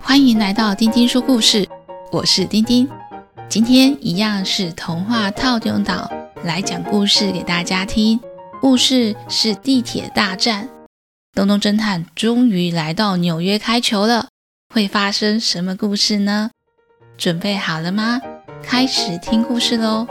歡迎來到丁丁說故事，我是丁丁。今天一樣是童話透中島來講故事給大家聽。故事是地鐵大戰，東東偵探終於來到紐約開球了，會發生什麼故事呢？準備好了嗎？開始聽故事嘍！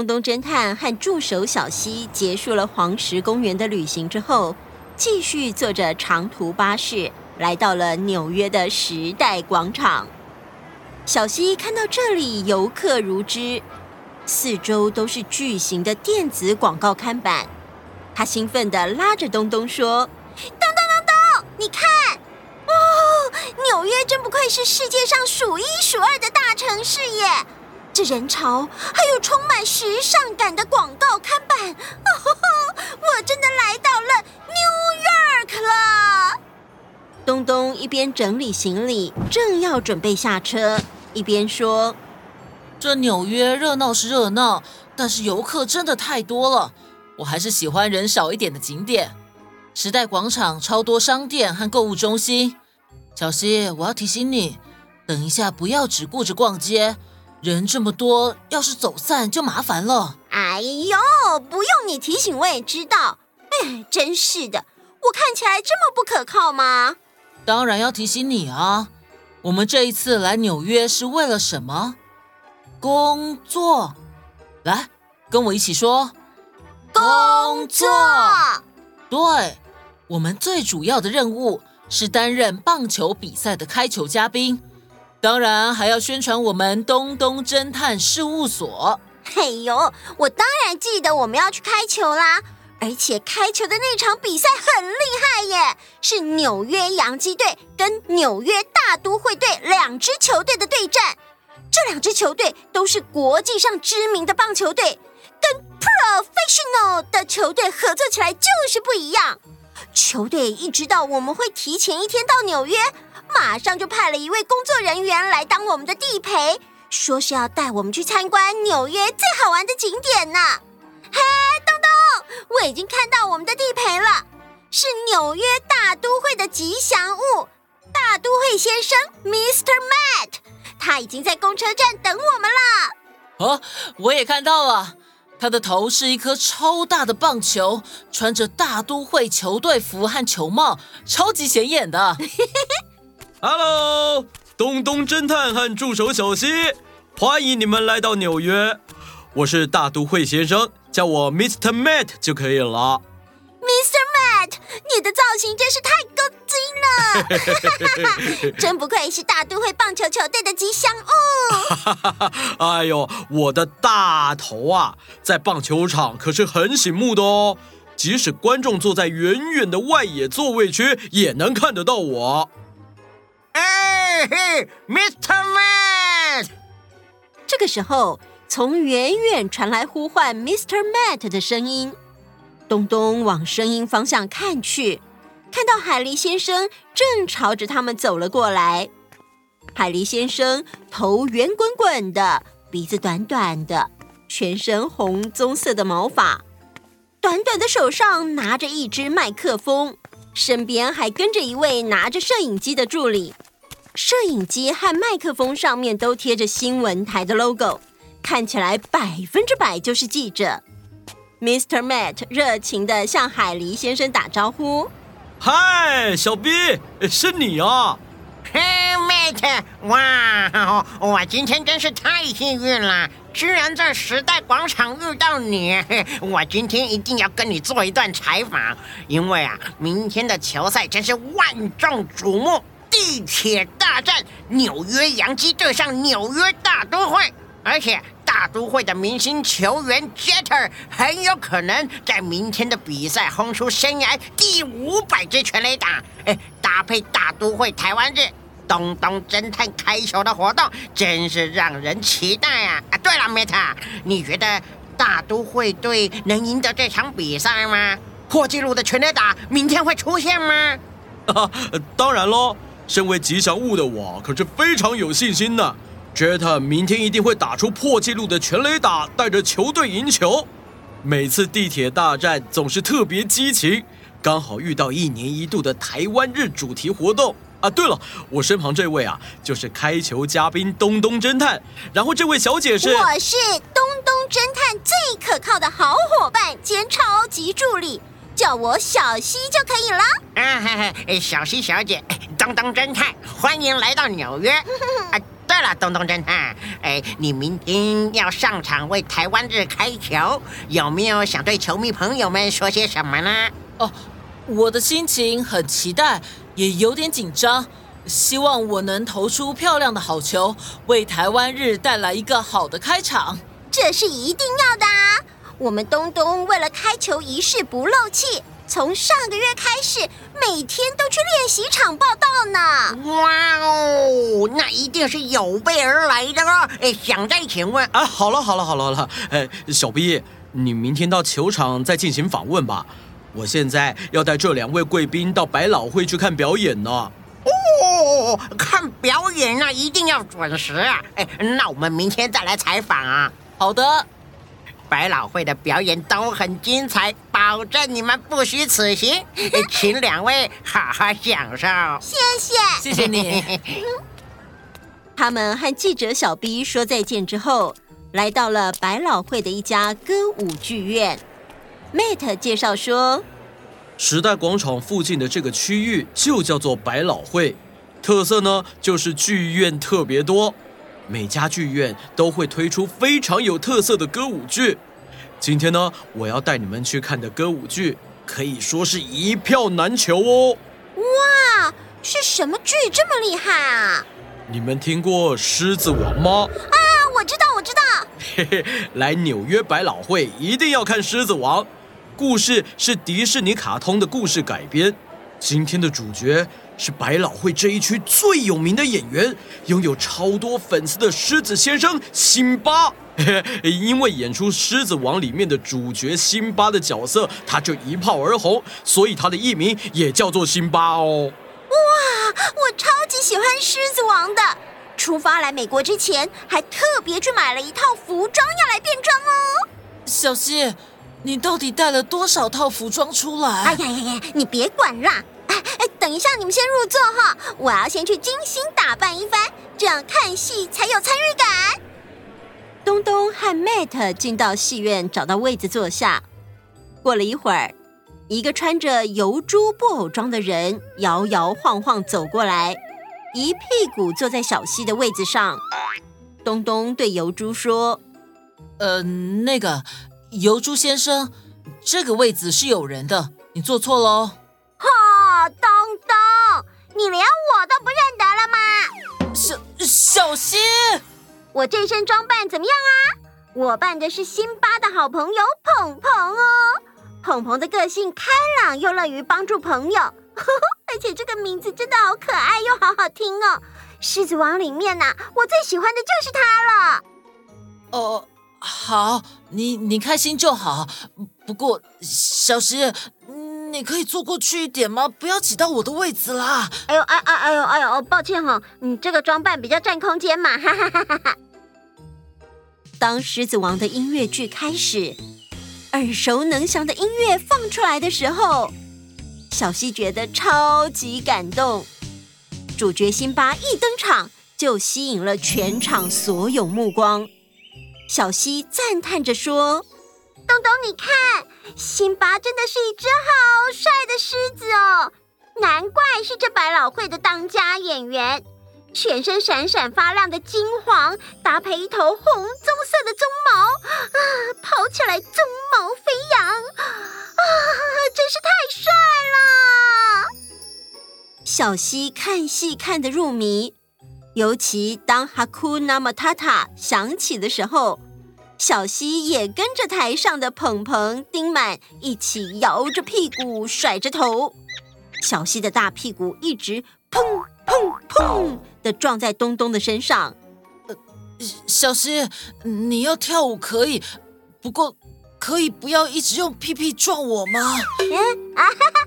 東東偵探和助手小西結束了黃石公園的旅行之後，繼續坐着長途巴士來到了紐約的時代廣場。小西看到這裡遊客如織，四周都是巨型的電子廣告看板，他興奮地拉着東東說：“東東東東，你看，哦，紐約真不愧是世界上數一數二的大城市耶！”這人潮，還有充滿時尚感的廣告看板。哦，我真的來到了 New York 了。東東一邊整理行李，正要準備下車，一邊說：“這紐約熱鬧是熱鬧，但是遊客真的太多了。我還是喜歡人少一點的景點。時代廣場超多商店和購物中心。小西，我要提醒你，等一下不要只顧着逛街。”人這麼多，要是走散就麻煩了。哎呦，不用你提醒我也知道。唉，真是的，我看起來這麼不可靠嗎？當然要提醒你啊！我們這一次來紐約是為了什麼？工作。來，跟我一起說。工作。對，我們最主要的任務是擔任棒球比賽的開球嘉賓。當然還要宣傳我們東東偵探事務所。嘿呦，我當然記得我們要去開球啦！而且開球的那場比賽很厲害耶，是紐約洋基隊跟紐約大都會隊兩支球隊的對戰。這兩支球隊都是國際上知名的棒球隊，跟 professional 的球隊合作起來就是不一樣。球隊一知道我們會提前一天到紐約，馬上就派了一位工作人員來當我們的地陪，說是要帶我們去參觀紐約最好玩的景點呢。嘿，東東，我已經看到我們的地陪了，是紐約大都會的吉祥物，大都會先生 Mr. Matt，他已經在公車站等我們了。啊、哦，我也看到了。他的頭是一顆超大的棒球，穿着大都會球隊服和球帽，超級顯眼的。 Hello，東東偵探和助手小西，歡迎你們來到紐約。我是大都會先生，叫我 Mr. Matt 就可以了。Mr. Matt，你的造型真是太高級。哈哈哈！真不愧是大都會棒球球隊的吉祥物。哈哈哈！哎呦，我的大頭啊，在棒球場可是很醒目的哦，即使觀眾坐在遠遠的外野座位區，也能看得到我。哎嘿，Mr. Matt！這個時候，從遠遠傳來呼喚 Mr. Matt 的聲音。東東往聲音方向看去。看到海狸先生正朝着他們走了過來。海狸先生頭圓滾滾的，鼻子短短的，全身紅棕色的毛髮，短短的手上拿着一支麥克風，身邊還跟着一位拿着攝影機的助理。攝影機和麥克風上面都貼着新聞台的 logo，看起來百分之百就是記者。Mr. Matt 熱情地向海狸先生打招呼。嗨，小逼，是你啊！嘿，妹子，哇，我今天真是太幸運了，居然在時代廣場遇到你。嘿，我今天一定要跟你做一段採訪，因為啊，明天的球賽真是萬眾矚目，地鐵大戰紐約洋基對上紐約大都會，而且，大都會的明星球員 Jeter 很有可能在明天的比賽轟出生涯第五百支全壘打。搭配大都會台灣日東東偵探開球的活動，真是讓人期待呀、啊！啊，對了，Meta，你覺得大都會隊能贏得這場比賽嗎？破紀錄的全壘打明天會出現嗎？啊、當然嘍，身為吉祥物的我可是非常有信心的。杰特明天一定會打出破紀錄的全壘打，帶着球隊贏球。每次地鐵大戰總是特別激情，剛好遇到一年一度的台灣日主題活動啊！對了，我身旁這位啊，就是開球嘉賓東東偵探。然後這位小姐是？我是東東偵探最可靠的好夥伴兼超級助理，叫我小西就可以了。啊，嘿嘿，小西小姐，東東偵探，歡迎來到紐約。啊了，東東偵探，哎、呃，你明天要上場為台灣日開球，有沒有想對球迷朋友們說些什麼呢？哦，我的心情很期待，也有點緊張，希望我能投出漂亮的好球，為台灣日帶來一個好的開場。這是一定要的啊！我們東東為了開球儀式不漏氣。從上個月開始，每天都去練習場報到呢。哇哦，那一定是有備而來的咯。哎，想再請問？啊，好了好了好了好了，哎，小畢，你明天到球場再進行訪問吧。我現在要帶這兩位貴賓到百老匯去看表演呢。哦，看表演那、啊、一定要準時。哎，那我們明天再來採訪啊。好的。百老匯的表演都很精彩，保證你們不虛此行，請兩位好好享受。謝謝，謝謝你。 他們和記者小 B 說再見之後，來到了百老匯的一家歌舞劇院。Mate 介紹說，時代廣場附近的這個區域就叫做百老匯，特色呢就是劇院特別多。每家劇院都會推出非常有特色的歌舞劇。今天呢，我要帶你們去看的歌舞劇可以說是一票難求哦。哇，是什麼劇這麼厲害啊？你們聽過《獅子王》嗎？啊，我知道，我知道。嘿嘿，來紐約百老匯一定要看《獅子王》，故事是迪士尼卡通的故事改編。今天的主角。是百老匯這一區最有名的演員，擁有超多粉絲的獅子先生辛巴， 因為演出《獅子王》裡面的主角辛巴的角色，他就一炮而紅，所以他的藝名也叫做辛巴哦。哇，我超級喜歡《獅子王》的，出發來美國之前還特別去買了一套服裝要來變裝哦。小希，你到底帶了多少套服裝出來？哎呀呀呀，你別管啦。等一下，你們先入座哈，我要先去精心打扮一番，這樣看戲才有參與感。東東和 Matt 進到戲院，找到位子坐下。過了一會兒，一個穿着疣豬布偶裝的人搖搖晃晃晃走過來，一屁股坐在小溪的位子上。東東對疣豬說：“呃，那個疣豬先生，這個位子是有人的，你坐錯了哦。”東東，你連我都不認得了嗎？小小新，我這身裝扮怎麼樣啊？我扮的是辛巴的好朋友彭彭哦。彭彭的個性開朗又樂於幫助朋友，呵呵，而且這個名字真的好可愛又好好聽哦。獅子王裡面吶、啊，我最喜歡的就是他了。哦，好，你你開心就好。不過小新。你可以坐過去一點嗎？不要擠到我的位置啦！哎呦，哎哎哎呦，哎呦，抱歉哈、哦，你這個裝扮比較占空間嘛。哈哈哈哈，當《獅子王》的音樂劇開始，耳熟能詳的音樂放出來的時候，小西覺得超級感動。主角辛巴一登場，就吸引了全場所有目光。小西讚嘆着說：“東東，你看。”辛巴真的是一隻好帥的獅子哦，難怪是這百老匯的當家演員。全身閃閃發亮的金黃，搭配一頭紅棕色的鬃毛，啊，跑起來鬃毛飛揚，啊，真是太帥了！小溪看戲看得入迷，尤其當 Hakuna Matata 響起的時候。小溪也跟着台上的彭彭丁滿一起搖着屁股甩着頭，小溪的大屁股一直砰砰砰的撞在東東的身上。呃，小溪，你要跳舞可以，不過可以不要一直用屁屁撞我嗎？嗯啊，哈哈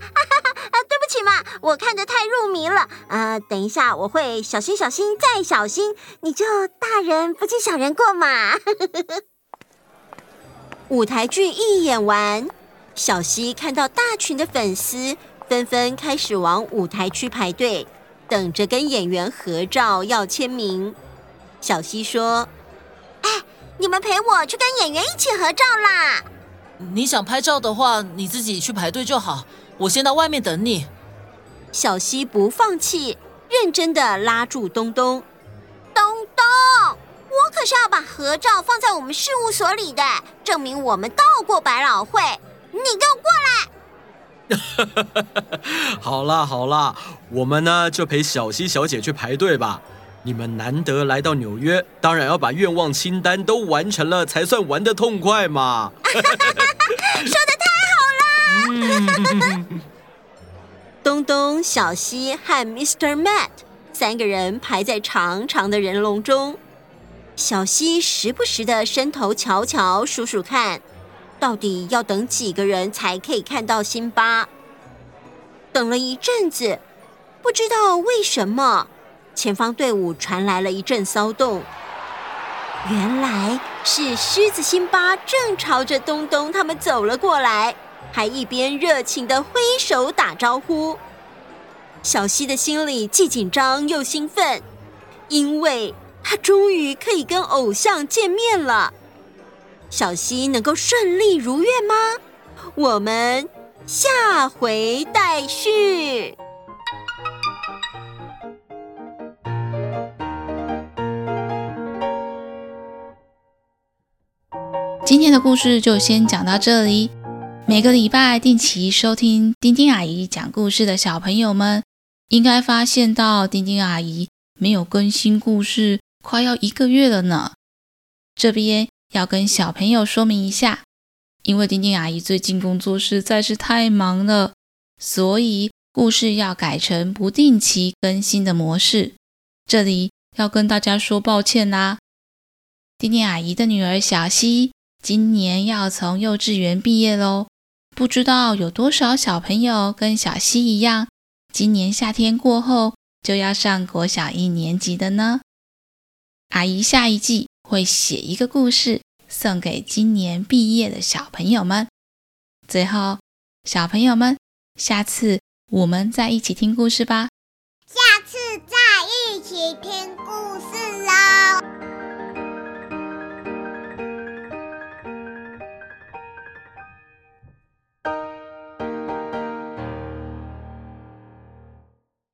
啊，對不起嘛，我看得太入迷了啊，呃。等一下我會小心小心再小心，你就大人不計小人過嘛。呵呵舞台劇一演完，小西看到大群的粉絲紛紛開始往舞台區排隊，等着跟演員合照要簽名。小西說：“哎，你們陪我去跟演員一起合照啦！你想拍照的話，你自己去排隊就好，我先到外面等你。”小西不放棄，認真的拉住東東，東。是要把合照放在我們事務所裡的，證明我們到過百老匯。你給我過來！ 好啦好啦，我們呢就陪小西小姐去排隊吧。你們難得來到紐約，當然要把願望清單都完成了才算玩得痛快嘛。 說得太好啦、 嗯！東東、小西和 Mr. Matt 三個人排在長長的人龍中。小溪時不時的伸頭瞧瞧、數數看，到底要等幾個人才可以看到辛巴。等了一陣子，不知道為什麼，前方隊伍傳來了一陣騷動。原來是獅子辛巴正朝着東東他們走了過來，還一邊熱情的揮手打招呼。小溪的心裡既緊張又興奮，因為，他終於可以跟偶像見面了，小希能夠順利如願嗎？我們下回待續。今天的故事就先講到這裡。每個禮拜定期收聽丁丁阿姨講故事的小朋友們，應該發現到丁丁阿姨沒有更新故事，快要一個月了呢，這邊要跟小朋友說明一下，因為丁丁阿姨最近工作實在是太忙了，所以故事要改成不定期更新的模式。這裡要跟大家說抱歉啦。丁丁阿姨的女兒小西今年要從幼稚園畢業嘍，不知道有多少小朋友跟小西一樣，今年夏天過後就要上國小一年級的呢？阿姨下一季會寫一個故事送給今年畢業的小朋友們。最後，小朋友們，下次我們再一起聽故事吧。下次再一起聽。